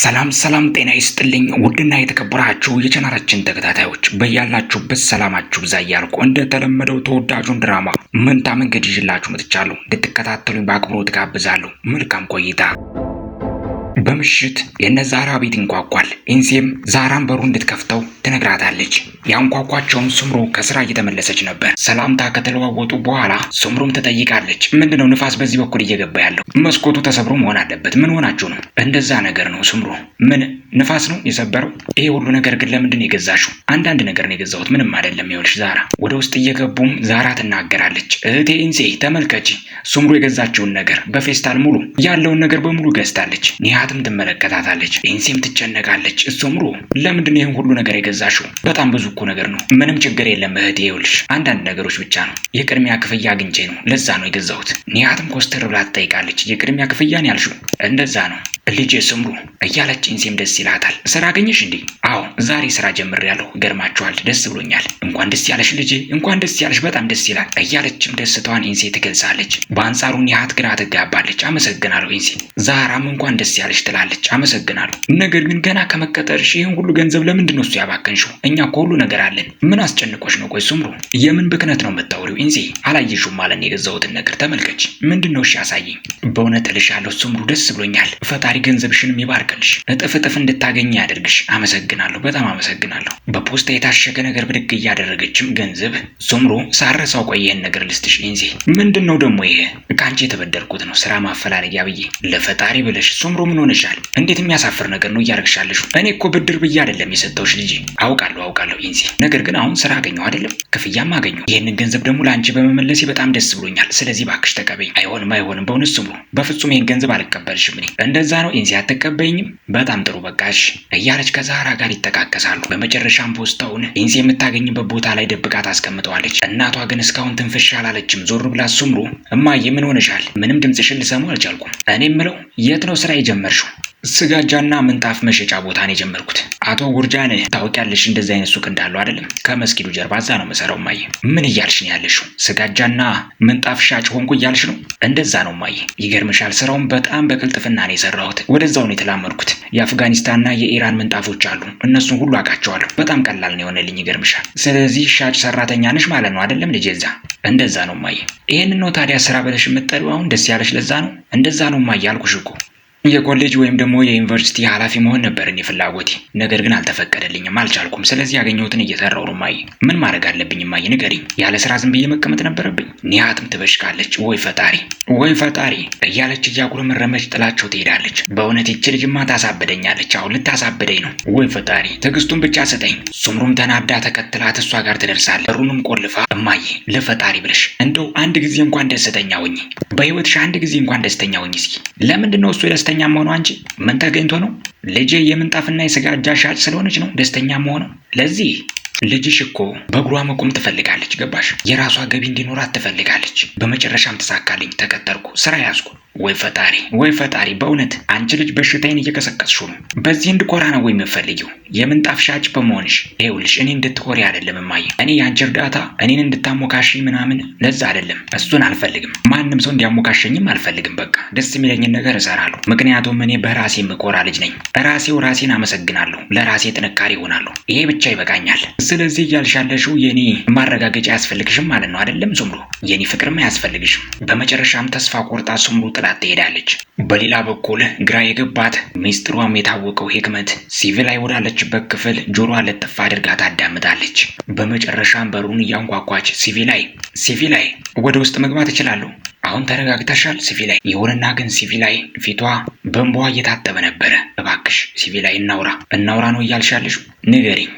ሰላም ሰላም፣ ጤና ይስጥልኝ ውድና የተከበራችሁ የቻናላችን ተከታታዮች በያላችሁበት ሰላማችሁ ብዛ እያልኩ እንደተለመደው ተወዳጁን ድራማ መንታ መንገድ ይዤላችሁ መጥቻለሁ። እንድትከታተሉኝ በአክብሮት ጋብዛለሁ። መልካም ቆይታ በምሽት የነ ዛራ ቤት እንኳኳል ኢንሴም ዛራን በሩ እንድትከፍተው ትነግራታለች። ያንኳኳቸውም ስምሮ ከስራ እየተመለሰች ነበር። ሰላምታ ከተለዋወጡ በኋላ ስምሮም ትጠይቃለች። ምንድነው ንፋስ በዚህ በኩል እየገባ ያለው? መስኮቱ ተሰብሮ መሆን አለበት። ምን ሆናችሁ ነው? እንደዛ ነገር ነው ስምሮ። ምን ንፋስ ነው የሰበረው? ይሄ ሁሉ ነገር ግን ለምንድን ነው የገዛሽው? አንዳንድ ነገር ነው የገዛሁት፣ ምንም አይደለም። ይኸውልሽ ዛራ። ወደ ውስጥ እየገቡም ዛራ ትናገራለች። እህቴ ኢንሴ ተመልከቺ፣ ስምሮ የገዛችውን ነገር በፌስታል ሙሉ ያለውን ነገር በሙሉ ገዝታለች። ኒያ በፍርሃትም ትመለከታታለች። ኢንሴም ትጨነቃለች። እሱም ሩ ለምንድን ይህን ሁሉ ነገር የገዛሽው? በጣም ብዙ እኮ ነገር ነው። ምንም ችግር የለም እህቴ፣ ይኸውልሽ አንዳንድ ነገሮች ብቻ ነው የቅድሚያ ክፍያ አግኝቼ ነው ለዛ ነው የገዛሁት። ኒያትም ኮስተር ብላ ትጠይቃለች። የቅድሚያ ክፍያን ያልሽው እንደዛ ነው ልጅ ስምሩ እያለች ኢንሴም ደስ ይላታል። ስራ አገኘሽ እንዴ? አዎ ዛሬ ስራ ጀምሬያለሁ። ገርማችኋል። ደስ ብሎኛል። እንኳን ደስ ያለሽ ልጄ፣ እንኳን ደስ ያለሽ። በጣም ደስ ይላል እያለችም ደስታዋን ኢንሴ ትገልጻለች። በአንጻሩ ኒያት ግራ ትጋባለች። አመሰግናለሁ ኢንሴ። ዛራም እንኳን ደስ ያለ ትቀጠሪያለሽ ትላለች። አመሰግናለሁ። ነገር ግን ገና ከመቀጠርሽ ይህን ሁሉ ገንዘብ ለምንድን ነው እሱ ያባከንሽው? እኛ እኮ ሁሉ ነገር አለን። ምን አስጨንቆሽ ነው? ቆይ ስምሩ፣ የምን ብክነት ነው የምታወሪው? ኢንዚ አላየሽውም ማለት ነው? የገዛሁትን ነገር ተመልከች። ምንድን ነው? እሺ አሳየኝ። በእውነት እልሻለሁ ስምሩ፣ ደስ ብሎኛል። ፈጣሪ ገንዘብሽንም ይባርክልሽ፣ እጥፍ እጥፍ እንድታገኝ ያደርግሽ። አመሰግናለሁ፣ በጣም አመሰግናለሁ። በፖስታ የታሸገ ነገር ብድግ እያደረገችም ገንዘብ ሶምሮ ሳረሳው ቆይ ይህን ነገር ልስጥሽ ኢንዚ ምንድን ነው ደግሞ ይሄ ከአንቺ የተበደርኩት ነው ስራ ማፈላለጊያ ብዬ ለፈጣሪ ብለሽ ሶምሮ ምን ይሆንሻል። እንዴት የሚያሳፍር ነገር ነው እያደረግሻለሽ። እኔ እኮ ብድር ብዬ አይደለም የሰጠውሽ ልጄ። አውቃለሁ አውቃለሁ ኢንዚ፣ ነገር ግን አሁን ስራ አገኘሁ አይደለም፣ ክፍያም አገኘሁ። ይህንን ገንዘብ ደግሞ ለአንቺ በመመለሴ በጣም ደስ ብሎኛል። ስለዚህ ባክሽ ተቀበይ። አይሆንም አይሆንም፣ በእውነት ስሙ፣ በፍጹም ይህን ገንዘብ አልቀበልሽም። እኔ እንደዛ ነው ኢንዚ፣ አትቀበይኝም? በጣም ጥሩ በቃሽ፣ እያለች ከዛራ ጋር ይጠቃቀሳሉ። በመጨረሻም ፖስታውን ኢንዚ የምታገኝበት ቦታ ላይ ደብቃ ታስቀምጠዋለች። እናቷ ግን እስካሁን ትንፍሽ አላለችም። ዞር ብላ ሱምሩ፣ እማዬ ምን ሆነሻል? ምንም ድምፅሽን ልሰማው አልቻልኩም። እኔ ምለው የት ነው ስራ የጀመር አዳራሹ ስጋጃና ምንጣፍ መሸጫ ቦታ የጀመርኩት። አቶ ጉርጃን ታውቂያለሽ፣ እንደዚህ አይነት ሱቅ እንዳለው አይደለም። ከመስጊዱ ጀርባ እዛ ነው መሰራው። ማየ ምን እያልሽ ነው ያለሽው? ስጋጃና ምንጣፍ ሻጭ ሆንኩ እያልሽ ነው? እንደዛ ነው ማየ። ይገርምሻል፣ ስራውን በጣም በቅልጥፍና ነው የሰራሁት። ወደዛው ነው የተላመድኩት። የአፍጋኒስታንና የኢራን ምንጣፎች አሉ፣ እነሱን ሁሉ አውቃቸዋለሁ። በጣም ቀላል ነው የሆነልኝ። ይገርምሻል። ስለዚህ ሻጭ ሰራተኛ ነሽ ማለት ነው አይደለም ልጄ? እዛ እንደዛ ነው ማየ። ይህን ነው ታዲያ ስራ ብለሽ የምትጠሪው? አሁን ደስ ያለሽ ለዛ ነው? እንደዛ ነው ማየ፣ አልኩሽ እኮ የኮሌጅ ወይም ደግሞ የዩኒቨርሲቲ ኃላፊ መሆን ነበር እኔ ፍላጎቴ። ነገር ግን አልተፈቀደልኝም፣ አልቻልኩም። ስለዚህ ያገኘሁትን እየሰራው ነው። እማዬ ምን ማድረግ አለብኝ እማዬ ንገሪኝ። ያለ ስራ ዝም ብዬ መቀመጥ ነበረብኝ? ኒሃትም ትበሽቃለች። ወይ ፈጣሪ፣ ወይ ፈጣሪ እያለች እያጉረመረመች ጥላቸው ትሄዳለች። በእውነት ይች ልጅማ ታሳብደኛለች። አሁን ልታሳብደኝ ነው። ወይ ፈጣሪ፣ ትዕግስቱን ብቻ ስጠኝ። ሱምሩም ተናዳ ተከትላት እሷ ጋር ትደርሳለች። በሩንም ቆልፋ እማዬ፣ ለፈጣሪ ብለሽ እንደው አንድ ጊዜ እንኳን ደስተኛ ሁኚ፣ በህይወትሽ አንድ ጊዜ እንኳን ደስተኛ ሁኚ። እስኪ ለምንድን ነው እሱ ደስተኛ ደስተኛ መሆኑ አንቺ ምን ተገኝቶ ነው? ልጄ የምንጣፍና የስጋ እጃ ሻጭ ስለሆነች ነው ደስተኛ መሆነው። ለዚህ ልጅሽ እኮ በእግሯ መቆም ትፈልጋለች። ገባሽ? የራሷ ገቢ እንዲኖራት ትፈልጋለች። በመጨረሻም ተሳካልኝ፣ ተቀጠርኩ፣ ስራ ያዝኩ። ወይ ፈጣሪ፣ ወይ ፈጣሪ! በእውነት አንቺ ልጅ በሽታዬን እየቀሰቀስሽው ነው። በዚህ እንድኮራ ነው ወይ የምፈልጊው? የምንጣፍ ሻጭ በመሆንሽ ይኸውልሽ፣ እኔ እንድትኮሪ አይደለም እማዬ። እኔ የአንቺ እርዳታ እኔን እንድታሞካሽ ምናምን ለዛ አይደለም። እሱን አልፈልግም። ማንም ሰው እንዲያሞካሸኝም አልፈልግም። በቃ ደስ የሚለኝን ነገር እሰራለሁ። ምክንያቱም እኔ በራሴ የምኮራ ልጅ ነኝ። ራሴው ራሴን አመሰግናለሁ። ለራሴ ጥንካሬ ይሆናለሁ። ይሄ ብቻ ይበቃኛል። ስለዚህ እያልሻለሽው የኔ ማረጋገጫ አያስፈልግሽም ማለት ነው አይደለም ዙምሩ? የኔ ፍቅርም አያስፈልግሽም። በመጨረሻም ተስፋ ቆርጣ ሱምሩ ጥላት ትሄዳለች። በሌላ በኩል ግራ የገባት ሚስጥሯም የታወቀው ህክመት ሲቪ ላይ ወዳለችበት ክፍል ጆሮ ለጥፍ አድርጋ ታዳምጣለች። በመጨረሻም በሩን እያንኳኳች ሲቪ ላይ ሲቪ ላይ ወደ ውስጥ መግባት እችላለሁ? አሁን ተረጋግተሻል ሲቪላይ? ይሁንና ግን ሲቪላይ ፊቷ በእንባዋ እየታጠበ ነበረ። እባክሽ ሲቪላይ እናውራ እናውራ ነው እያልሻለሽ? ንገሪኝ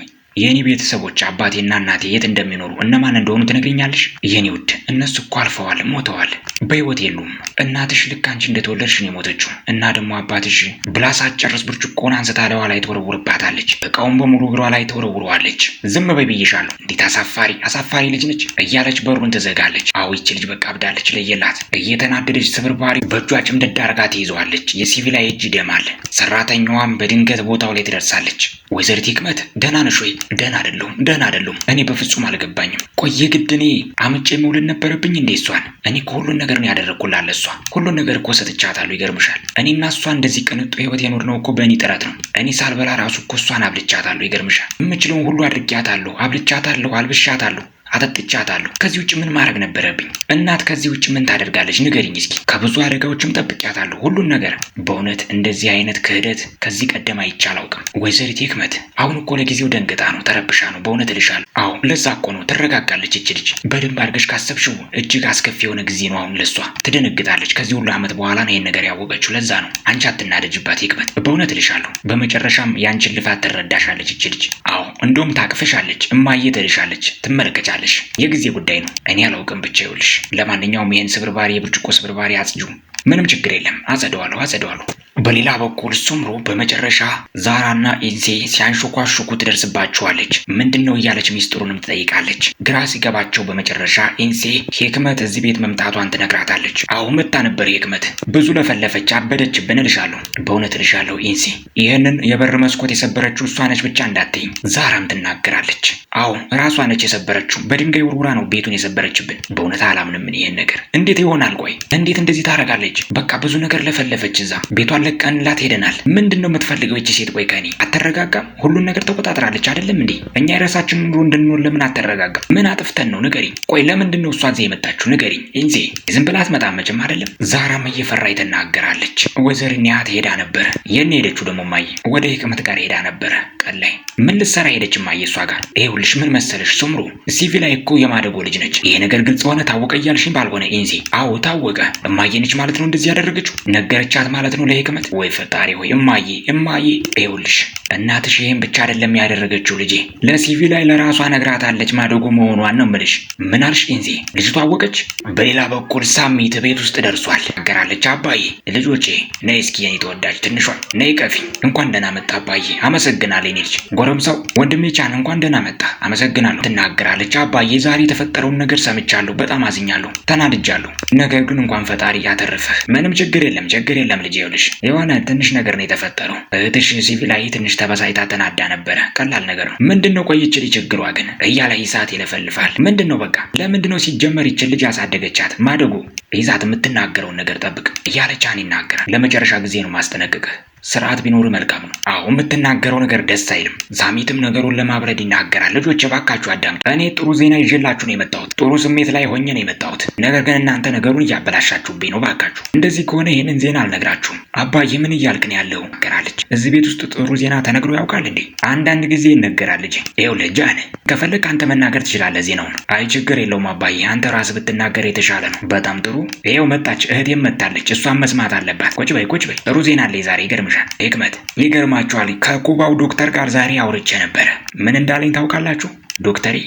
የእኔ ቤተሰቦች አባቴና እናቴ የት እንደሚኖሩ እነማን እንደሆኑ ትነግሪኛለሽ? የኔ ውድ እነሱ እኮ አልፈዋል፣ ሞተዋል፣ በህይወት የሉም። እናትሽ ልክ አንቺ እንደተወለድሽ ነው የሞተችው እና ደግሞ አባትሽ ብላ ሳትጨርስ ብርጭቆን አንስታ ለዋ ላይ ተወረውርባታለች። እቃውን በሙሉ እግሯ ላይ ተወረውረዋለች። ዝም በይ ብዬሻለሁ። እንዴት አሳፋሪ አሳፋሪ ልጅ ነች እያለች በሩን ትዘጋለች። አዎ ይቺ ልጅ በቃ አብዳለች፣ ለየላት። እየተናደደች ስብርባሪ በእጇ ጭምድድ አድርጋ ትይዘዋለች። የሲቪላ እጅ ደማል። ሰራተኛዋም በድንገት ቦታው ላይ ትደርሳለች። ወይዘሪት ህክመት ደህና ነሽ ወይ? ደህና አይደለሁም፣ ደህና አይደለሁም። እኔ በፍጹም አልገባኝም። ቆይ የግድ እኔ አምጬ መውለድ ነበረብኝ እንዴ? እሷን እኔ ከሁሉን ነገር ነው ያደረግኩላለ። እሷ ሁሉን ነገር እኮ ሰጥቻታለሁ። ይገርምሻል፣ እኔና እሷ እንደዚህ ቅንጡ ህይወት የኖርነው እኮ በእኔ ጥረት ነው። እኔ ሳልበላ ራሱ እኮ እሷን አብልቻታለሁ። ይገርምሻል፣ የምችለውን ሁሉ አድርጊያታለሁ፣ አብልቻታለሁ፣ አልብሻታለሁ አጠጥቻታለሁ። ከዚህ ውጭ ምን ማድረግ ነበረብኝ? እናት ከዚህ ውጭ ምን ታደርጋለች? ንገሪኝ እስኪ። ከብዙ አደጋዎችም ጠብቂያታለሁ፣ ሁሉን ነገር። በእውነት እንደዚህ አይነት ክህደት ከዚህ ቀደም አይቼ አላውቅም። ወይዘሪት ህክመት፣ አሁን እኮ ለጊዜው ደንግጣ ነው፣ ተረብሻ ነው። በእውነት እልሻለሁ። አዎ ለዛ እኮ ነው። ትረጋጋለች እች ልጅ። በደንብ አድርገሽ ካሰብሽው እጅግ አስከፊ የሆነ ጊዜ ነው አሁን ለሷ። ትደነግጣለች። ከዚህ ሁሉ ዓመት በኋላ ነው ይህን ነገር ያወቀችው። ለዛ ነው። አንቺ አትናደጅባት ህክመት፣ በእውነት እልሻለሁ። በመጨረሻም የአንቺን ልፋት ትረዳሻለች እች ልጅ። አዎ እንደውም ታቅፍሻለች፣ እማዬ ትልሻለች፣ ትመለከቻለች ነሽ። የጊዜ ጉዳይ ነው። እኔ አላውቅም፣ ብቻ ይኸውልሽ። ለማንኛውም ይህን ስብርባሪ፣ የብርጭቆ ስብርባሪ አጽጁ። ምንም ችግር የለም። አጸደዋለሁ፣ አጸደዋለሁ። በሌላ በኩል ሱምሩ በመጨረሻ ዛራና ኢንሴ ሲያንሾኳሹኩ ትደርስባቸዋለች። ምንድን ነው እያለች ሚስጥሩንም ትጠይቃለች። ግራ ሲገባቸው በመጨረሻ ኢንሴ ሄክመት እዚህ ቤት መምጣቷን ትነግራታለች። አሁ መታ ነበር ሂክመት ብዙ ለፈለፈች፣ አበደችብን እልሻለሁ። በእውነት እልሻለሁ ኢንሴ፣ ይህንን የበር መስኮት የሰበረችው እሷ ነች ብቻ እንዳትኝ። ዛራም ትናገራለች። አዎ ራሷ ነች የሰበረችው። በድንጋይ ውርውራ ነው ቤቱን የሰበረችብን። በእውነት አላምንምን ይህን ነገር። እንዴት ይሆናል? ቆይ እንዴት እንደዚህ ታደርጋለች? በቃ ብዙ ነገር ለፈለፈች እዛ ቤቷን ለቀንላት ሄደናል። ምንድን ነው የምትፈልገው እቺ ሴት? ቆይ ከኔ አትረጋጋም? ሁሉን ነገር ተቆጣጥራለች አይደለም እንዴ? እኛ የራሳችን ኑሮ እንድንኖር ለምን አተረጋጋም ምን አጥፍተን ነው ንገሪኝ። ቆይ ለምንድን ነው እሷ እዚህ የመጣችሁ ንገሪኝ እንጂ ዝም ብላ አትመጣም መቼም አይደለም። ዛራም እየፈራ ትናገራለች። ወይዘሮ ኒያት ሄዳ ነበረ። የኔ ሄደችው ደግሞ ማየ ወደ ህክመት ጋር ሄዳ ነበረ። ቀን ላይ ምን ልትሰራ ሄደች ማየ እሷ ጋር? ይኸውልሽ ምን መሰለሽ ስምሩ ሲቪ ላይ እኮ የማደጎ ልጅ ነች። ይሄ ነገር ግልጽ ሆነ ታወቀ እያልሽኝ ባልሆነ ኢንዚ አዎ ታወቀ። እማዬ ማለት ነው እንደዚህ ያደረገችው ነገረቻት ማለት ነው ለህክመት ዓመት ወይ ፈጣሪ ሆይ እማዬ እማዬ ይኸውልሽ እናትሽ ይህን ብቻ አይደለም ያደረገችው ልጄ ለሲቪ ላይ ለራሷ ነግራታለች ማደጎ መሆኗን ነው ምልሽ ምን አልሽ ኢንዜ ልጅቷ አወቀች በሌላ በኩል ሳሚት ቤት ውስጥ ደርሷል ገራለች አባዬ ልጆቼ ነይ እስኪ የኔ ተወዳጅ ትንሿ ነይ ቀፊ እንኳን ደህና መጣ አባዬ አመሰግናለሁ የኔ ልጅ ጎረምሳው ወንድሜ ቻን እንኳን ደህና መጣ አመሰግናለሁ ትናገራለች አባዬ ዛሬ የተፈጠረውን ነገር ሰምቻለሁ በጣም አዝኛለሁ ተናድጃለሁ ነገር ግን እንኳን ፈጣሪ ያተረፈህ ምንም ችግር የለም ችግር የለም ልጄ ይኸውልሽ የሆነ ትንሽ ነገር ነው የተፈጠረው። እህትሽ ሲቪል ላይ ትንሽ ተበሳይታ ተናዳ ነበረ። ቀላል ነገር ነው። ምንድን ነው ቆይ ይችል ችግሯ ግን እያለ ይሳት ይለፈልፋል። ምንድን ነው በቃ ለምንድን ነው ሲጀመር ይችል ልጅ ያሳደገቻት ማደጉ ይዛት የምትናገረውን ነገር ጠብቅ እያለ ቻን ይናገራል። ለመጨረሻ ጊዜ ነው ማስጠነቅቅህ ስርዓት ቢኖር መልካም ነው። አሁን የምትናገረው ነገር ደስ አይልም። ሳሚትም ነገሩን ለማብረድ ይናገራል። ልጆች የባካችሁ አዳም፣ እኔ ጥሩ ዜና ይዤላችሁ ነው የመጣሁት። ጥሩ ስሜት ላይ ሆኜ ነው የመጣሁት። ነገር ግን እናንተ ነገሩን እያበላሻችሁብኝ ነው። ባካችሁ እንደዚህ ከሆነ ይህንን ዜና አልነግራችሁም። አባዬ ምን እያልክ ነው ያለው? ነገራለች። እዚህ ቤት ውስጥ ጥሩ ዜና ተነግሮ ያውቃል እንዴ? አንዳንድ ጊዜ ይነገራል። ልጄ ይኸውልህ፣ ጃን ከፈለግ አንተ መናገር ትችላለህ ዜናውን። አይ ችግር የለውም አባዬ፣ አንተ ራስ ብትናገር የተሻለ ነው። በጣም ጥሩ። ይኸው መጣች፣ እህቴም መጣለች። እሷን መስማት አለባት። ቁጭ በይ ቁጭ በይ። ጥሩ ዜና አለኝ ዛሬ ይገርምሻል። ይግመት ይገርማችኋል ከኩባው ዶክተር ጋር ዛሬ አውርቼ ነበረ። ምን እንዳለኝ ታውቃላችሁ? ዶክተሬ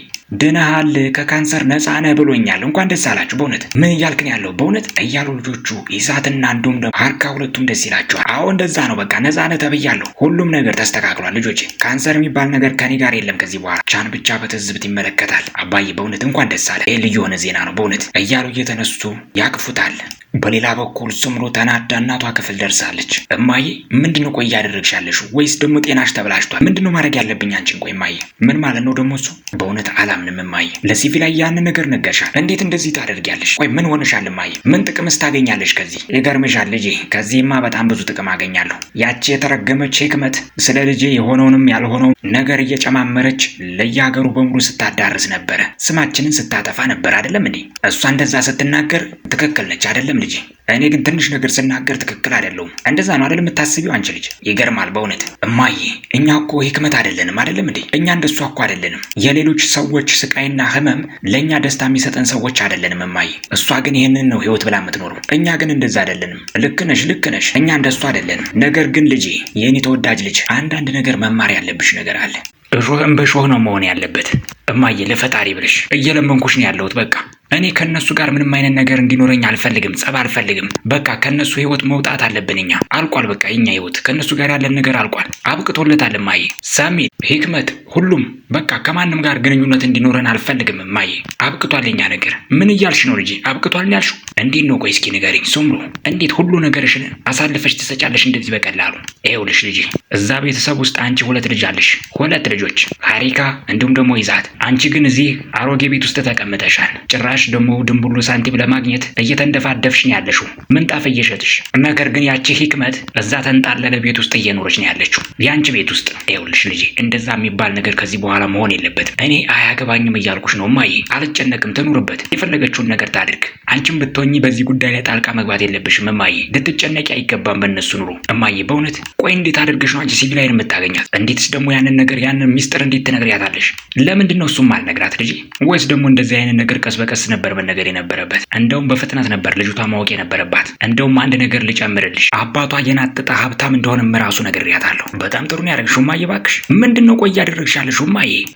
ድነሃል፣ ከካንሰር ነፃ ነህ ብሎኛል። እንኳን ደስ አላችሁ። በእውነት ምን እያልክ ነው ያለው? በእውነት እያሉ ልጆቹ ይሳትና እንዲሁም ደግሞ አርካ ሁለቱም ደስ ይላቸዋል። አዎ እንደዛ ነው፣ በቃ ነፃ ነህ ተብያለሁ። ሁሉም ነገር ተስተካክሏል። ልጆቼ ካንሰር የሚባል ነገር ከኔ ጋር የለም ከዚህ በኋላ። ቻን ብቻ በትዝብት ይመለከታል። አባዬ በእውነት እንኳን ደስ አለ። ይህ ልዩ የሆነ ዜና ነው በእውነት እያሉ እየተነሱ ያቅፉታል። በሌላ በኩል ስምሮ ተናዳ እናቷ ክፍል ደርሳለች። እማዬ ምንድነው ቆይ እያደረግሻለሽ? ወይስ ደግሞ ጤናሽ ተብላሽቷል? ምንድነው ማድረግ ያለብኝ አንቺን? ቆይ እማዬ ምን ማለት ነው ደግሞ እሱ በእውነት አላምንም እማዬ። ለሲቪ ላይ ያንን ነገር ነገርሻል። እንዴት እንደዚህ ታደርጊያለሽ? ወይ ምን ሆነሻል እማዬ? ምን ጥቅምስ ታገኛለሽ ከዚህ? ይገርምሻል ልጄ፣ ከዚህማ በጣም ብዙ ጥቅም አገኛለሁ። ያቺ የተረገመች ህክመት ስለ ልጄ የሆነውንም ያልሆነው ነገር እየጨማመረች ለየሀገሩ በሙሉ ስታዳርስ ነበረ። ስማችንን ስታጠፋ ነበር አይደለም እንዴ? እሷ እንደዛ ስትናገር ትክክል ነች አይደለም ልጄ? እኔ ግን ትንሽ ነገር ስናገር ትክክል አይደለሁም። እንደዛ ነው አይደለም የምታስቢው አንቺ ልጅ? ይገርማል በእውነት እማዬ። እኛ እኮ ህክመት አይደለንም አይደለም እንዴ? እኛ እንደሷ እኮ አይደለንም። የሌሎች ሰዎች ስቃይና ህመም ለእኛ ደስታ የሚሰጠን ሰዎች አይደለንም እማዬ። እሷ ግን ይህንን ነው ህይወት ብላ የምትኖረው። እኛ ግን እንደዛ አይደለንም። ልክ ነሽ፣ ልክ ነሽ። እኛ እንደሷ አይደለንም። ነገር ግን ልጄ፣ የእኔ ተወዳጅ ልጅ፣ አንዳንድ ነገር መማር ያለብሽ ነገር አለ። እሾህም በሾህ ነው መሆን ያለበት እማዬ። ለፈጣሪ ብለሽ እየለመንኩሽ ነው ያለሁት በቃ እኔ ከነሱ ጋር ምንም አይነት ነገር እንዲኖረኝ አልፈልግም። ጸብ አልፈልግም። በቃ ከነሱ ህይወት መውጣት አለብን። እኛ አልቋል። በቃ የኛ ህይወት ከነሱ ጋር ያለን ነገር አልቋል። አብቅቶለታል። እማዬ፣ ሰሚት፣ ህክመት ሁሉም በቃ ከማንም ጋር ግንኙነት እንዲኖረን አልፈልግም። እማዬ፣ አብቅቷል የኛ ነገር። ምን እያልሽ ነው ልጄ? አብቅቷል ያልሽው እንዴት ነው? ቆይ እስኪ ንገሪኝ ሱምሩ፣ እንዴት ሁሉ ነገርሽን አሳልፈሽ ትሰጫለሽ እንደዚህ በቀላሉ? ይኸውልሽ ልጄ፣ እዛ ቤተሰብ ውስጥ አንቺ ሁለት ልጅ አለሽ፣ ሁለት ልጆች ሀሪካ እንዲሁም ደግሞ ይዛት። አንቺ ግን እዚህ አሮጌ ቤት ውስጥ ተቀምጠሻል ጭራሽ ጭራሽ ደግሞ ድንቡሉ ሳንቲም ለማግኘት እየተንደፋደፍሽ ነው ያለሽው፣ ምንጣፍ እየሸጥሽ። ነገር ግን ያቺ ህክመት እዛ ተንጣለለ ቤት ውስጥ እየኖረች ነው ያለችው፣ ያንቺ ቤት ውስጥ። ይኸውልሽ ልጄ፣ እንደዛ የሚባል ነገር ከዚህ በኋላ መሆን የለበትም። እኔ አያገባኝም እያልኩሽ ነው እማዬ። አልጨነቅም፣ ትኑርበት፣ የፈለገችውን ነገር ታድርግ። አንቺም ብትሆኚ በዚህ ጉዳይ ላይ ጣልቃ መግባት የለብሽም እማዬ። ልትጨነቂ አይገባም። በእነሱ ኑሮ እማዬ፣ በእውነት ቆይ፣ እንዴት አድርገሽ ነው አንቺ ሲቪላይን የምታገኛት? እንዴትስ ደግሞ ያንን ነገር ያንን ሚስጥር እንዴት ትነግሪያታለሽ? ለምንድን ነው እሱም አልነግራት ልጄ? ወይስ ደግሞ እንደዚህ አይነት ነገር ቀስ በቀስ ነበር መነገር የነበረበት። እንደውም በፍጥነት ነበር ልጅቷ ማወቅ የነበረባት። እንደውም አንድ ነገር ልጨምርልሽ፣ አባቷ የናጠጠ ሀብታም እንደሆነም ራሱ ነግሬያታለሁ። በጣም ጥሩ ነው ያደረግሽው እማዬ፣ እባክሽ ምንድን ነው ቆይ ያደረግሻለሽው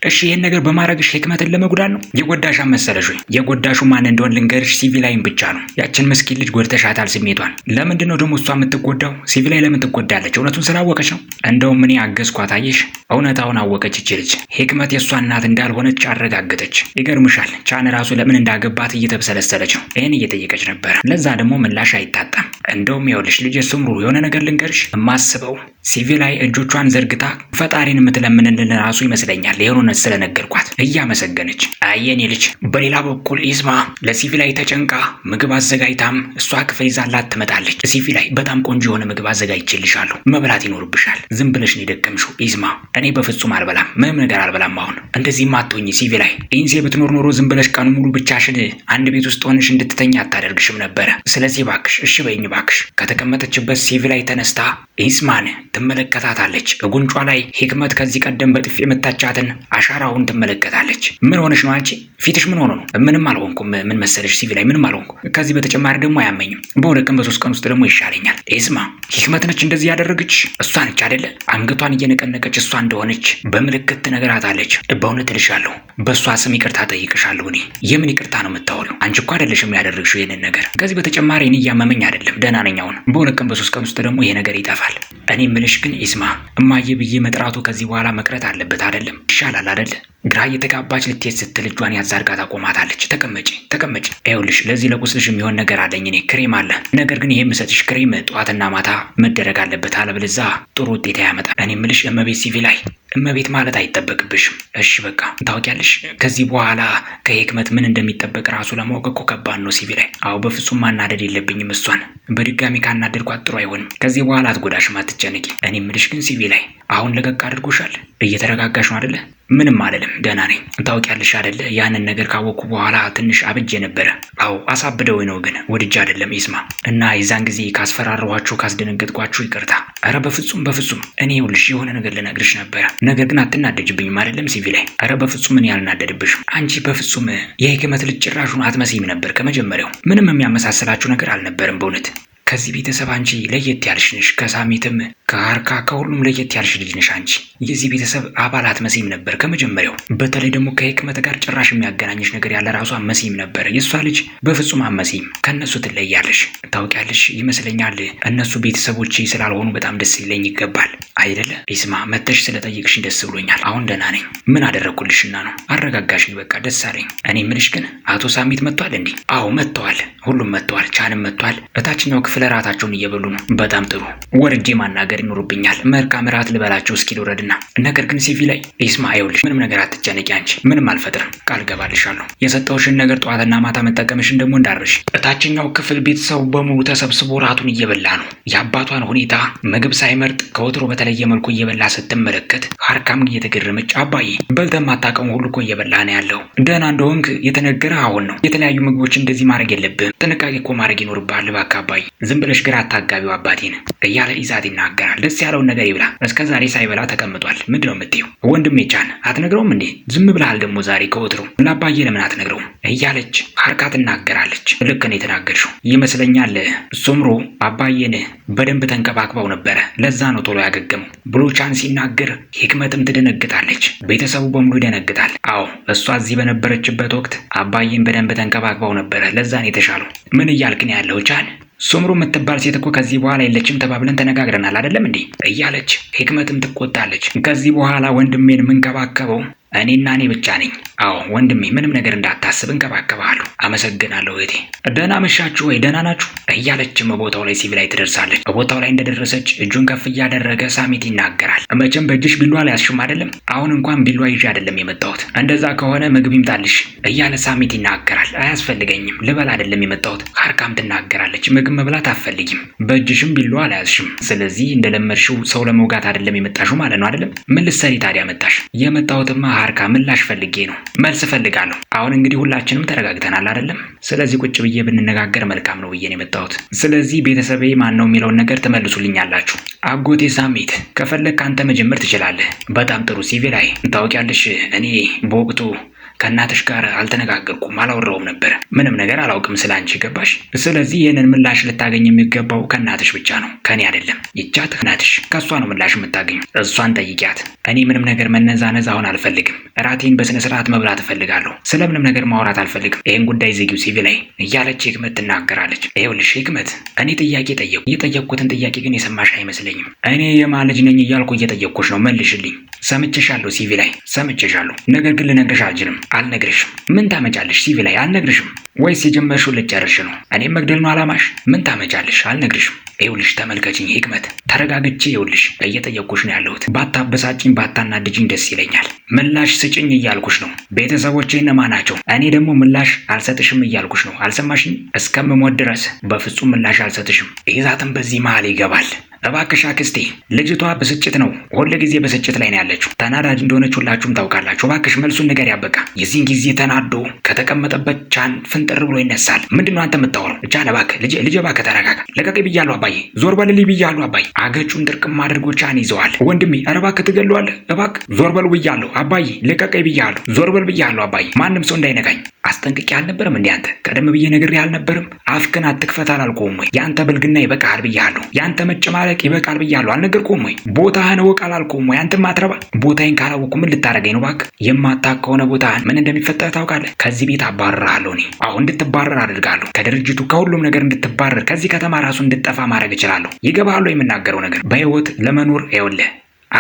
እሺ ይህን ነገር በማድረግሽ ህክመትን ለመጉዳት ነው የጎዳሽ መሰለሽ ወይ? የጎዳሹ ማን እንደሆን ልንገርሽ፣ ሲቪላይን ብቻ ነው። ያችን ምስኪን ልጅ ጎድተሻታል ስሜቷን። ለምንድን ነው ደግሞ እሷ የምትጎዳው? ሲቪላይ ለምን ትጎዳለች? እውነቱን ስላወቀች ነው። እንደውም እኔ አገዝኳት። አየሽ፣ እውነታውን አወቀች ይች ልጅ። ህክመት የእሷ እናት እንዳልሆነች አረጋገጠች። ይገርምሻል ቻን ራሱ ለምን እንዳገ ስላገባት እየተብሰለሰለች ነው። ይህን እየጠየቀች ነበር። ለዛ ደግሞ ምላሽ አይታጣም። እንደውም ይኸውልሽ ልጅ ስምሩ የሆነ ነገር ልንገርሽ፣ የማስበው ሲቪ ላይ እጆቿን ዘርግታ ፈጣሪን የምትለምንልን ራሱ ይመስለኛል። የሆነነት ስለነገርኳት እያመሰገነች አየኔ ልጅ። በሌላ በኩል ይስማ ለሲቪ ላይ ተጨንቃ ምግብ አዘጋጅታም እሷ ክፍል ይዛላት ትመጣለች። ሲቪ ላይ በጣም ቆንጆ የሆነ ምግብ አዘጋጅቼልሻለሁ፣ መብላት ይኖርብሻል። ዝም ብለሽ ነው የደከምሽው። ይስማ እኔ በፍጹም አልበላም፣ ምንም ነገር አልበላም። አሁን እንደዚህ አትሆኝ ሲቪ ላይ ኢንሴ ብትኖር ኖሮ ዝም ብለሽ ቀኑ ሙሉ ብቻ ጭራሽን አንድ ቤት ውስጥ ሆንሽ እንድትተኛ አታደርግሽም ነበረ። ስለዚህ ባክሽ እሺ በይኝ ባክሽ። ከተቀመጠችበት ሲቪ ላይ ተነስታ ኢስማን ትመለከታታለች። በጉንጯ ላይ ሂክመት ከዚህ ቀደም በጥፊ የመታቻትን አሻራውን ትመለከታለች። ምን ሆነሽ ነው አንቺ? ፊትሽ ምን ሆኖ ነው? ምንም አልሆንኩም። ምን መሰለሽ ሲቪ ላይ ምንም አልሆንኩ። ከዚህ በተጨማሪ ደግሞ አያመኝም። በሁለት ቀን በሶስት ቀን ውስጥ ደግሞ ይሻለኛል። ኢስማ ሂክመት ነች እንደዚህ ያደረገች እሷ ነች አደለ? አንገቷን እየነቀነቀች እሷ እንደሆነች በምልክት ትነግራታለች። በእውነት እልሻለሁ፣ በእሷ ስም ይቅርታ ጠይቅሻለሁ። እኔ የምን ይቅርታ ይቅርታ ነው የምታወሉ። አንቺ እኮ አይደለሽም ያደረግሽው ይህንን ነገር። ከዚህ በተጨማሪ እኔ እያመመኝ አይደለም ደህና ነኝ አሁን። በሁለት ቀን በሶስት ቀን ውስጥ ደግሞ ይሄ ነገር ይጠፋል። እኔ ምልሽ ግን ይስማ እማዬ ብዬ መጥራቱ ከዚህ በኋላ መቅረት አለበት አይደለም? ይሻላል አይደል? ግራ እየተጋባች ልትሄድ ስትል እጇን ያዝ አድርጋ ታቆማታለች። ተቀመጪ ተቀመጪ፣ ይኸውልሽ ለዚህ ለቁስልሽ የሚሆን ነገር አለኝ እኔ ክሬም አለ። ነገር ግን ይሄ የምሰጥሽ ክሬም ጠዋትና ማታ መደረግ አለበት፣ አለበለዚያ ጥሩ ውጤት ያመጣል። እኔ የምልሽ እመቤት ሲቪ ላይ እመቤት ማለት አይጠበቅብሽም። እሺ በቃ ታውቂያለሽ፣ ከዚህ በኋላ ከሄክመት ምን እንደሚጠበቅ ራሱ ለማወቅ እኮ ከባድ ነው። ሲቪ ላይ አዎ፣ በፍጹም ማናደድ የለብኝም እሷን። በድጋሚ ካናደድኳት ጥሩ አይሆንም። ከዚህ በኋላ አትጎዳሽም፣ አትጨነቂ። እኔ የምልሽ ግን ሲቪ ላይ አሁን ለቀቅ አድርጎሻል፣ እየተረጋጋሽ ነው አደለ? ምንም አልልም ደህና ነኝ። ታውቂያለሽ አደለ? ያንን ነገር ካወቅኩ በኋላ ትንሽ አብጄ ነበረ። አዎ አሳብደው ነው፣ ግን ወድጄ አይደለም ይስማ። እና የዛን ጊዜ ካስፈራረኋችሁ፣ ካስደነገጥኳችሁ ይቅርታ። ኧረ በፍጹም በፍጹም። እኔ ይኸውልሽ የሆነ ነገር ልነግርሽ ነበረ፣ ነገር ግን አትናደጅብኝም አይደለም ሲቪ ላይ። ኧረ በፍጹም እኔ አልናደድብሽም። አንቺ በፍጹም የህክመት ልጅ ጭራሹን አትመስይም ነበር ከመጀመሪያው። ምንም የሚያመሳስላችሁ ነገር አልነበርም በእውነት ከዚህ ቤተሰብ አንቺ ለየት ያልሽ ነሽ። ከሳሚትም ከአርካ ከሁሉም ለየት ያልሽ ልጅ ነሽ። አንቺ የዚህ ቤተሰብ አባላት መሲም ነበር ከመጀመሪያው። በተለይ ደግሞ ከህክመት ጋር ጭራሽ የሚያገናኝሽ ነገር ያለ ራሷ መሲም ነበር። የእሷ ልጅ በፍጹም አመሲም ከእነሱ ትለያለሽ። ታውቂያለሽ ይመስለኛል እነሱ ቤተሰቦች ስላልሆኑ በጣም ደስ ይለኝ ይገባል አይደለ? ይስማ መተሽ ስለጠየቅሽ ደስ ብሎኛል። አሁን ደህና ነኝ። ምን አደረግኩልሽና ነው? አረጋጋሽኝ። በቃ ደስ አለኝ። እኔ ምልሽ ግን አቶ ሳሚት መጥቷል እንዴ? አዎ መጥተዋል። ሁሉም መጥተዋል። ቻንም መጥቷል። እታችኛው ክፍል ራታቸውን እየበሉ ነው። በጣም ጥሩ። ወርጄ ማናገር ይኖርብኛል። መልካም ራት ልበላቸው። እስኪ ልውረድና ነገር ግን ሲቪ ላይ ይስማ፣ ምንም ነገር አትጨነቂ። አንቺ ምንም አልፈጥርም፣ ቃል ገባልሻለሁ። የሰጠውሽን ነገር ጠዋትና ማታ መጠቀምሽን ደግሞ እንዳርሽ። እታችኛው ክፍል ቤተሰቡ በሙሉ ተሰብስቦ ራቱን እየበላ ነው። የአባቷን ሁኔታ ምግብ ሳይመርጥ ከወትሮ በተለየ መልኩ እየበላ ስትመለከት ሀርካም እየተገረመች አባዬ በልተህ የማታውቀውን ሁሉ እኮ እየበላ ነው ያለው። ደህና እንደሆንክ የተነገረ አሁን ነው። የተለያዩ ምግቦች እንደዚህ ማድረግ የለብህም። ጥንቃቄ እኮ ማድረግ ይኖርብሃል። እባክህ አባዬ ዝም ብለሽ ግራ አታጋቢው አባቴን እያለ ኢሳት ይናገራል። ደስ ያለውን ነገር ይብላ። እስከ ዛሬ ሳይበላ ተቀምጧል። ምንድን ነው የምትይው? ወንድሜ ቻን አትነግረውም እንዴ? ዝም ብለሃል ደግሞ ዛሬ ከወትሮ ለአባዬ ለምን አትነግረውም? እያለች አርካ ትናገራለች። ልክ ነው የተናገርሽው ይመስለኛል። ሱምሩ አባዬን በደንብ ተንከባክባው ነበረ። ለዛ ነው ቶሎ ያገገመው ብሎ ቻን ሲናገር ሂክመትም ትደነግጣለች። ቤተሰቡ በሙሉ ይደነግጣል። አዎ እሷ እዚህ በነበረችበት ወቅት አባዬን በደንብ ተንከባክባው ነበረ። ለዛ ነው የተሻለው። ምን እያልክ ነው ያለው ቻን? ሶምሮ የምትባል ሴት እኮ ከዚህ በኋላ የለችም ተባብለን ተነጋግረናል አይደለም እንዴ? እያለች ህክመትም ትቆጣለች። ከዚህ በኋላ ወንድሜን የምንከባከበው እኔና እኔ ብቻ ነኝ። አዎ ወንድሜ፣ ምንም ነገር እንዳታስብ እንከባከባለሁ። አመሰግናለሁ እህቴ። ደህና መሻችሁ ወይ ደህና ናችሁ? እያለችም ቦታው ላይ ሲቪላይ ትደርሳለች። ቦታው ላይ እንደደረሰች እጁን ከፍ እያደረገ ሳሚት ይናገራል። መቼም በእጅሽ ቢሏ ላይ ያስሽም አይደለም? አሁን እንኳን ቢሏ ይዤ አይደለም የመጣሁት። እንደዛ ከሆነ ምግብ ይምጣልሽ እያለ ሳሚት ይናገራል። አያስፈልገኝም፣ ልበል አይደለም የመጣሁት። ካርካም ትናገራለች። ምግብ መብላት አትፈልጊም፣ በእጅሽም ቢሏ አልያዝሽም። ስለዚህ እንደለመድሽው ሰው ለመውጋት አይደለም የመጣሽው ማለት ነው አይደለም? ምን ልትሰሪ ታዲያ መጣሽ? የመጣሁትማ አርካ ምላሽ ፈልጌ ነው፣ መልስ ፈልጋለሁ አሁን እንግዲህ ሁላችንም ተረጋግተናል አይደለም? ስለዚህ ቁጭ ብዬ ብንነጋገር መልካም ነው ብዬ ነው የመጣሁት። ስለዚህ ቤተሰቤ ማን ነው የሚለውን ነገር ትመልሱልኛላችሁ። አጎቴ ሳሜት፣ ከፈለግ ከአንተ መጀመር ትችላለህ። በጣም ጥሩ ሲቪ ላይ ታወቂያለሽ። እኔ በወቅቱ ከእናትሽ ጋር አልተነጋገርኩም፣ አላወራውም ነበረ። ምንም ነገር አላውቅም ስለ አንቺ ገባሽ። ስለዚህ ይህንን ምላሽ ልታገኝ የሚገባው ከእናትሽ ብቻ ነው፣ ከእኔ አይደለም። ይቻት እናትሽ ከእሷ ነው ምላሽ የምታገኙ። እሷን ጠይቂያት። እኔ ምንም ነገር መነዛነዝ አሁን አልፈልግም። እራቴን በስነ ስርዓት መብላት እፈልጋለሁ። ስለምንም ነገር ማውራት አልፈልግም። ይህን ጉዳይ ዜጊው ሲቪ ላይ እያለች ህክመት ትናገራለች። ይኸውልሽ ህክመት፣ እኔ ጥያቄ ጠየቁ። እየጠየቅኩትን ጥያቄ ግን የሰማሽ አይመስለኝም። እኔ የማን ልጅ ነኝ እያልኩ እየጠየቅኩሽ ነው፣ መልሽልኝ። ሰምቼሻለሁ ሲቪ ላይ ሰምቼሻለሁ፣ ነገር ግን ልነግርሽ አልችልም። አልነግርሽም። ምን ታመጫለሽ? ሲቪ ላይ አልነግርሽም ወይስ የጀመርሽውን ልጨርሽ ነው? እኔም መግደል ነው አላማሽ? ምን ታመጫለሽ? አልነግርሽም። ይኸውልሽ ተመልከችኝ፣ ህክመት፣ ተረጋግቼ ይኸውልሽ እየጠየቅኩሽ ነው ያለሁት። ባታበሳጭኝ ባታናድጅኝ ደስ ይለኛል። ምላሽ ስጭኝ እያልኩሽ ነው። ቤተሰቦቼ እነማን ናቸው? እኔ ደግሞ ምላሽ አልሰጥሽም እያልኩሽ ነው። አልሰማሽኝ? እስከምሞት ድረስ በፍጹም ምላሽ አልሰጥሽም። ይዛትም በዚህ መሀል ይገባል። እባክሽ አክስቴ፣ ልጅቷ ብስጭት ነው ሁል ጊዜ በስጭት ላይ ነው ያለችው። ተናዳጅ እንደሆነች ሁላችሁም ታውቃላችሁ። እባክሽ መልሱን ንገር ያበቃ። የዚህን ጊዜ ተናዶ ከተቀመጠበት ቻን ፍንጥር ብሎ ይነሳል። ምንድን ነው አንተ የምታወራው? ቻን እባክህ ልጅ ልጅ እባክህ ተረጋጋ። ለቀቅ ብያለሁ አባዬ፣ ዞር በል ብያለሁ አባዬ። አገጩን ጥርቅም አድርጎ ቻን ይዘዋል። ወንድሜ ኧረ እባክህ ትገለዋለህ። እባክህ ዞር በል ብያለሁ አባዬ፣ ለቀቅ ብያለሁ፣ ዞር በል ብያለሁ አባዬ። ማንም ሰው እንዳይነካኝ አስጠንቅቄ አልነበረም እንዴ አንተ? ቀደም ብዬ ነግሬህ አልነበረም? አፍክን አትክፈት አላልኩህም ወይ? ያንተ ብልግና ይበቃሃል ብያለሁ። ያንተ መጨማለ መራቅ ይበቃል ብያለሁ። አልነገርኩም ወይ? ቦታህን እወቅ አላልኩም ወይ? አንተም አትረባ። ቦታዬን ካላወቅኩ ምን ልታደርገኝ ነው? እባክህ የማታ ከሆነ ቦታህን ምን እንደሚፈጠር ታውቃለህ። ከዚህ ቤት አባረርሃለሁ። እኔ አሁን እንድትባረር አድርጋለሁ። ከድርጅቱ ከሁሉም ነገር እንድትባረር፣ ከዚህ ከተማ ራሱ እንድጠፋ ማድረግ እችላለሁ። ይገባሃል የምናገረው ነገር? በህይወት ለመኖር ይኸውልህ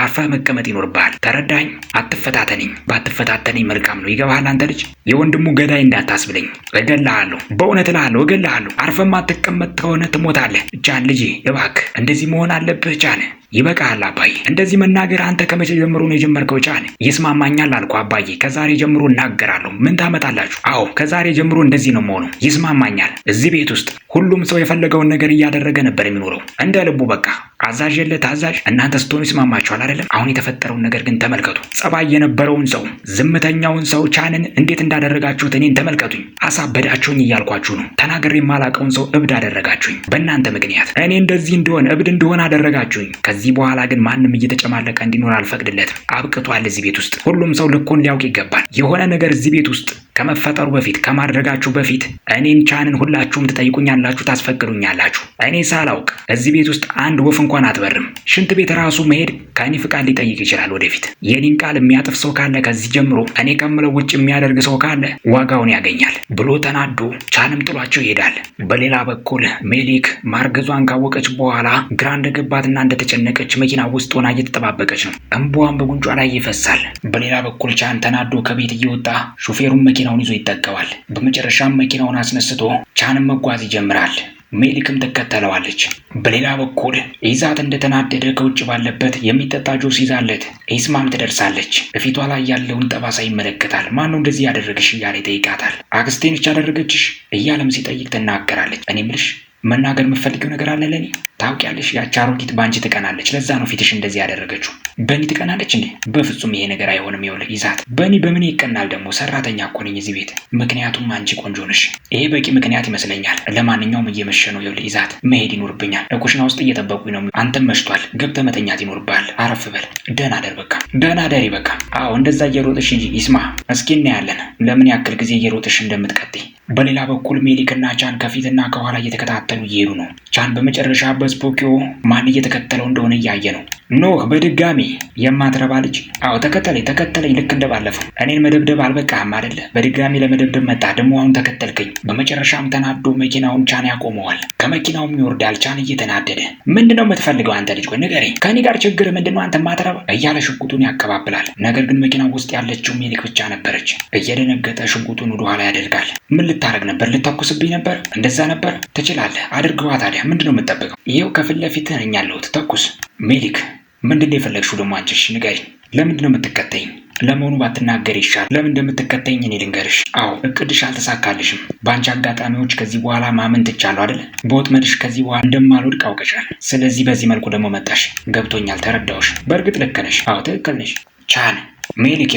አርፈህ መቀመጥ ይኖርብሃል። ተረዳኝ? አትፈታተነኝ። ባትፈታተነኝ መልካም ነው። ይገባሃል? አንተ ልጅ የወንድሙ ገዳይ እንዳታስብለኝ። እገልሃለሁ፣ በእውነት እልሃለሁ፣ እገልሃለሁ። አርፈ ማትቀመጥ ከሆነ ትሞታለህ። ጃን ልጄ እባክህ እንደዚህ መሆን አለብህ ጃን ይበቃሃል አባዬ፣ እንደዚህ መናገር አንተ ከመቼ ጀምሮ ነው የጀመርከው? ጫኔ ይስማማኛል አልኩ አባዬ፣ ከዛሬ ጀምሮ እናገራለሁ። ምን ታመጣላችሁ? አዎ ከዛሬ ጀምሮ እንደዚህ ነው መሆኑ። ይስማማኛል። እዚህ ቤት ውስጥ ሁሉም ሰው የፈለገውን ነገር እያደረገ ነበር የሚኖረው እንደ ልቡ። በቃ አዛዥ የለ ታዛዥ። እናንተ ስትሆኑ ይስማማችኋል አይደለም? አሁን የተፈጠረውን ነገር ግን ተመልከቱ። ጸባይ የነበረውን ሰው፣ ዝምተኛውን ሰው ቻንን እንዴት እንዳደረጋችሁት እኔን ተመልከቱኝ። አሳበዳችሁኝ እያልኳችሁ ነው። ተናግሬ የማላቀውን ሰው እብድ አደረጋችሁኝ። በእናንተ ምክንያት እኔ እንደዚህ እንደሆን እብድ እንደሆን አደረጋችሁኝ። ከዚህ በኋላ ግን ማንም እየተጨማለቀ እንዲኖር አልፈቅድለትም። አብቅቷል። እዚህ ቤት ውስጥ ሁሉም ሰው ልኩን ሊያውቅ ይገባል። የሆነ ነገር እዚህ ቤት ውስጥ ከመፈጠሩ በፊት ከማድረጋችሁ በፊት እኔን ቻንን ሁላችሁም ትጠይቁኛላችሁ፣ ታስፈቅዱኛላችሁ። እኔ ሳላውቅ እዚህ ቤት ውስጥ አንድ ወፍ እንኳን አትበርም። ሽንት ቤት ራሱ መሄድ ከእኔ ፍቃድ ሊጠይቅ ይችላል ወደፊት። የኔን ቃል የሚያጥፍ ሰው ካለ ከዚህ ጀምሮ እኔ ከምለው ውጭ የሚያደርግ ሰው ካለ ዋጋውን ያገኛል ብሎ ተናዶ ቻንም ጥሏቸው ይሄዳል። በሌላ በኩል ሜሊክ ማርገዟን ካወቀች በኋላ ግራ እንደገባትና እንደተጨነቀ በተጨናነቀች መኪና ውስጥ ሆና እየተጠባበቀች ነው። እንቧን በጉንጯ ላይ ይፈሳል። በሌላ በኩል ቻን ተናዶ ከቤት እየወጣ ሹፌሩን መኪናውን ይዞ ይጠገዋል። በመጨረሻም መኪናውን አስነስቶ ቻንም መጓዝ ይጀምራል። ሜሊክም ትከተለዋለች። በሌላ በኩል ኢዛት እንደተናደደ ከውጭ ባለበት የሚጠጣ ጆስ ይዛለት ኢስማም ትደርሳለች። በፊቷ ላይ ያለውን ጠባሳ ይመለከታል። ነው እንደዚህ ያደረግሽ እያለ ይጠይቃታል። አክስቴ ነች ያደረገችሽ እያለም ሲጠይቅ ትናገራለች። እኔ ምልሽ መናገር የምፈልገው ነገር አለ ለኔ? ታውቂያለሽ፣ ያቺ አሮጊት በአንቺ ትቀናለች። ለዛ ነው ፊትሽ እንደዚህ ያደረገችው። በእኔ ትቀናለች እንዴ? በፍጹም ይሄ ነገር አይሆንም። ይኸውልህ ይዛት፣ በእኔ በምን ይቀናል ደግሞ? ሰራተኛ እኮ ነኝ እዚህ ቤት፣ ምክንያቱም አንቺ ቆንጆ ነሽ። ይሄ በቂ ምክንያት ይመስለኛል። ለማንኛውም እየመሸ ነው። ይኸውልህ ይዛት፣ መሄድ ይኖርብኛል። ኩሽና ውስጥ እየጠበቁኝ ነው። አንተም መሽቷል፣ ገብተህ መተኛት ይኖርብሃል። አረፍ በል። ደህና ደር፣ በቃ ደህና ደሪ። በቃ አዎ፣ እንደዛ እየሮጥሽ እንጂ ይስማ፣ እስኪ እናያለን ለምን ያክል ጊዜ እየሮጥሽ እንደምትቀጥይ። በሌላ በኩል ሜሊክና ቻን ከፊትና ከኋላ እየተከታተሉ እየተከተሉ እየሄዱ ነው። ቻን በመጨረሻ በስፖኪዮ ማን እየተከተለው እንደሆነ እያየ ነው። ኖህ በድጋሚ የማትረባ ልጅ፣ አዎ ተከተለኝ ተከተለኝ፣ ልክ እንደባለፈው እኔን መደብደብ አልበቃህም አይደለ? በድጋሚ ለመደብደብ መጣ፣ ደግሞ አሁን ተከተልከኝ። በመጨረሻም ተናዶ መኪናውን ቻን ያቆመዋል። ከመኪናውም ይወርዳል። ቻን እየተናደደ ምንድነው ነው የምትፈልገው አንተ ልጅ? ቆይ ንገረኝ፣ ጋር ችግር ምንድን ነው አንተ ማትረባ? እያለ ሽጉጡን ያቀባብላል። ነገር ግን መኪናው ውስጥ ያለችው ሚሊክ ብቻ ነበረች። እየደነገጠ ሽጉጡን ወደኋላ ያደርጋል። ምን ልታደርግ ነበር? ልታኩስብኝ ነበር? እንደዛ ነበር? ትችላለ አድርገዋ። ታዲያ ምንድን ነው የምጠብቀው? ይኸው ከፊት ለፊት ነኝ ያለሁት። ተኩስ። ሜሊክ ምንድን ነው የፈለግሽው ደግሞ አንቺሽ? እሺ ንገሪኝ። ለምንድን ነው የምትከተይኝ? ለመሆኑ ባትናገር ይሻል። ለምን እንደምትከተይኝ እኔ ልንገርሽ። አዎ እቅድሽ አልተሳካልሽም። በአንቺ አጋጣሚዎች ከዚህ በኋላ ማመን ትቻለሁ አይደለ? በወጥመድሽ ከዚህ በኋላ እንደማልወድቅ አውቀሻል። ስለዚህ በዚህ መልኩ ደግሞ መጣሽ። ገብቶኛል፣ ተረዳውሽ። በእርግጥ ልክ ነሽ። አዎ ትክክል ነሽ። ቻን ሜሊክ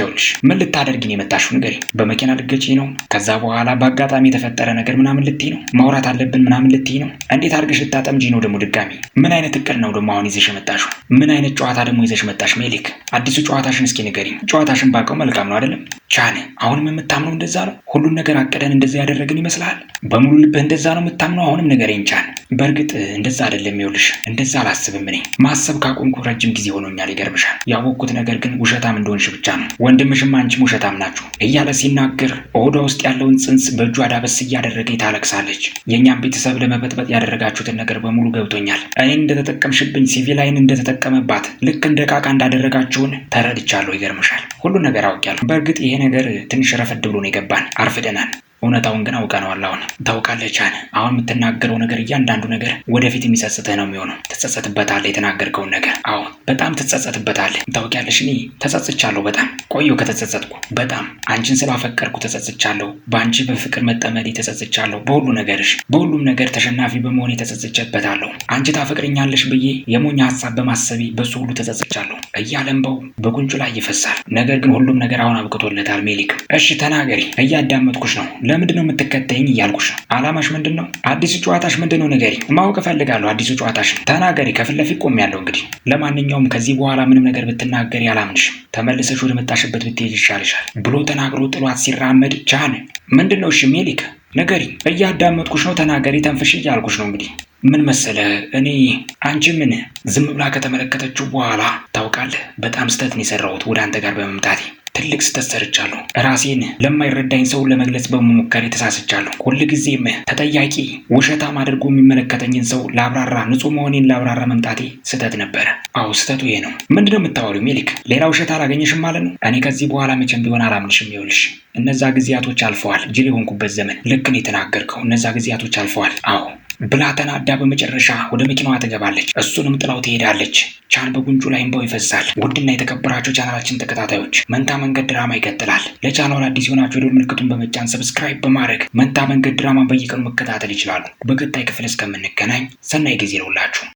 ምን ልታደርጊ ነው የመጣሽው? በመኪና ልገጭ ነው? ከዛ በኋላ በአጋጣሚ የተፈጠረ ነገር ምናምን ልትይ ነው? ማውራት አለብን ምናምን ልትይ ነው? እንዴት አድርገሽ ልታጠምጂ ነው ደግሞ ድጋሚ? ምን አይነት እቅድ ነው ደግሞ አሁን ይዘሽ የመጣሽው? ምን አይነት ጨዋታ ደግሞ ይዘሽ መጣሽ? ሜሊክ፣ አዲሱ ጨዋታሽን እስኪ ንገሪ። ጨዋታሽን ባውቀው መልካም ነው አይደለም? ቻለ፣ አሁንም የምታምነው እንደዛ ነው? ሁሉን ነገር አቅደን እንደዛ ያደረግን ይመስልሃል? በሙሉ ልብህ እንደዛ ነው የምታምነው? አሁንም ንገረኝ ቻነ። በእርግጥ እንደዛ አይደለም። ይኸውልሽ እንደዛ አላስብም። እኔ ማሰብ ካቆምኩ ረጅም ጊዜ ሆኖኛል። ይገርምሻል። ያወቅኩት ነገር ግን ውሸታም እንደሆንሽ ብቻ ነው። ወንድምሽም አንቺም ውሸታም ናችሁ እያለ ሲናገር ኦዶ ውስጥ ያለውን ጽንስ በእጇ ዳበስ እያደረገ ታለቅሳለች። የእኛም ቤተሰብ ለመበጥበጥ ያደረጋችሁትን ነገር በሙሉ ገብቶኛል። እኔን እንደተጠቀምሽብኝ፣ ሲቪላይን እንደተጠቀመባት፣ ልክ እንደ ቃቃ እንዳደረጋችሁን ተረድቻለሁ። ይገርምሻል። ሁሉ ነገር አውቄያለሁ። በእርግጥ ይሄ ነገር ትንሽ ረፈድ ብሎ ነው የገባን። አርፍደናል። እውነታውን ግን አውቀነዋል። አሁን ታውቃለች። አሁን የምትናገረው ነገር እያንዳንዱ ነገር ወደፊት የሚጸጽትህ ነው የሚሆነው። ትጸጸትበታለህ የተናገርከውን ነገር። አሁን በጣም ትጸጸትበታለህ። ታውቂያለሽ፣ እኔ ተጸጽቻለሁ። በጣም ቆየሁ ከተጸጸትኩ። በጣም አንቺን ስላፈቀርኩ ተጸጽቻለሁ። በአንቺ በፍቅር መጠመድ ተጸጽቻለሁ። በሁሉ ነገርሽ፣ በሁሉም ነገር ተሸናፊ በመሆን ተጸጽቼበታለሁ። አንቺ ታፈቅረኛለሽ ብዬ የሞኝ ሀሳብ በማሰቤ በሱ ሁሉ ተጸጽቻለሁ እያለ በጉንጩ ላይ ይፈሳል። ነገር ግን ሁሉም ነገር አሁን አብቅቶለታል። ሜሊክ እሺ፣ ተናገሪ፣ እያዳመጥኩሽ ነው። ለምንድን ነው የምትከተይኝ እያልኩሽ ነው። አላማሽ ምንድን ነው? አዲሱ ጨዋታሽ ምንድን ነው ንገሪ። ማወቅ እፈልጋለሁ አዲሱ ጨዋታሽ ተናገሪ። ከፊት ለፊት ቆሜያለሁ። እንግዲህ ለማንኛውም ከዚህ በኋላ ምንም ነገር ብትናገሪ አላምንሽ። ተመልሰሽ ወደ መጣሽበት ብትሄጂ ይሻልሻል ብሎ ተናግሮ ጥሏት ሲራመድ ቻን ምንድን ነው እሺ ሜሊክ ነገሪ እያዳመጥኩሽ ነው። ተናገሪ፣ ተንፍሽ እያልኩሽ ነው። እንግዲህ ምን መሰለ እኔ አንቺ ምን ዝም ብላ ከተመለከተችው በኋላ ታውቃለህ፣ በጣም ስህተት ነው የሰራሁት ወደ አንተ ጋር በመምጣቴ ትልቅ ስህተት ሰርቻለሁ። ራሴን ለማይረዳኝ ሰው ለመግለጽ በመሞከር የተሳስቻለሁ። ሁልጊዜም ተጠያቂ ውሸታም አድርጎ የሚመለከተኝን ሰው ላብራራ፣ ንጹህ መሆኔን ላብራራ መምጣቴ ስህተት ነበረ። አዎ ስህተቱ ይሄ ነው። ምንድነው የምታወሪው ሜሊክ? ሌላ ውሸት አላገኘሽም ማለት ነው? እኔ ከዚህ በኋላ መቼም ቢሆን አላምንሽም። ይኸውልሽ እነዛ ጊዜያቶች አልፈዋል። ጅል የሆንኩበት ዘመን ልክ ነው የተናገርከው። እነዛ ጊዜያቶች አልፈዋል። አዎ ብላ ተናዳ በመጨረሻ ወደ መኪናዋ ትገባለች። እሱንም ጥላው ትሄዳለች። ቻን በጉንጩ ላይ እንባው ይፈሳል። ውድና የተከበራቸው ቻናላችን ተከታታዮች መንታ መንገድ ድራማ ይቀጥላል። ለቻናሉ አዲስ የሆናቸው የደወል ምልክቱን በመጫን ሰብስክራይብ በማድረግ መንታ መንገድ ድራማን በየቀኑ መከታተል ይችላሉ። በቀጣይ ክፍል እስከምንገናኝ ሰናይ ጊዜ ይሁንላችሁ።